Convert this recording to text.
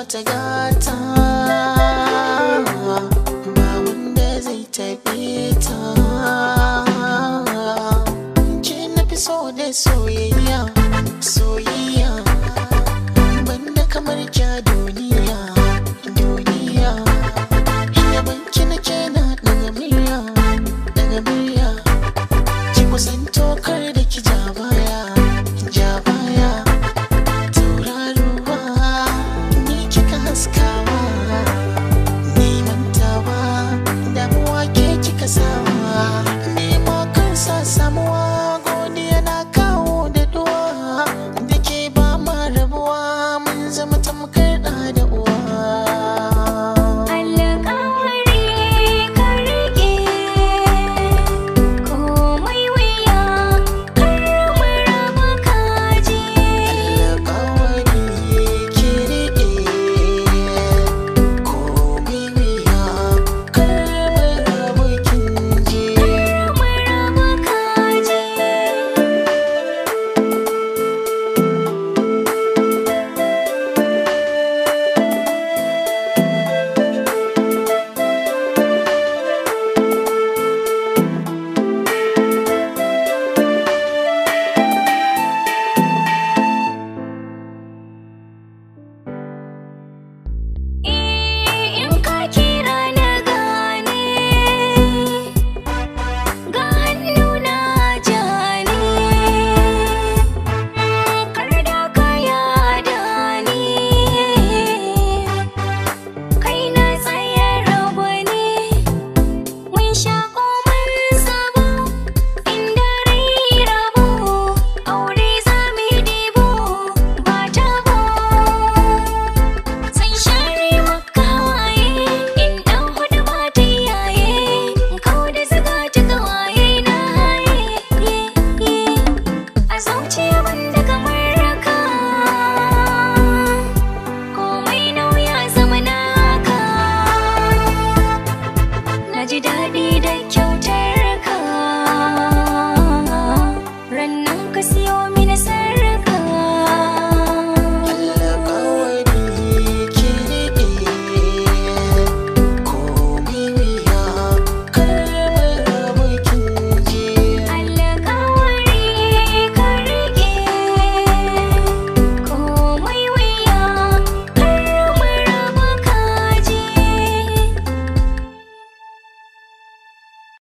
mata gata ba wanda zai taɓe ta ce na fi so da soyayya soyayya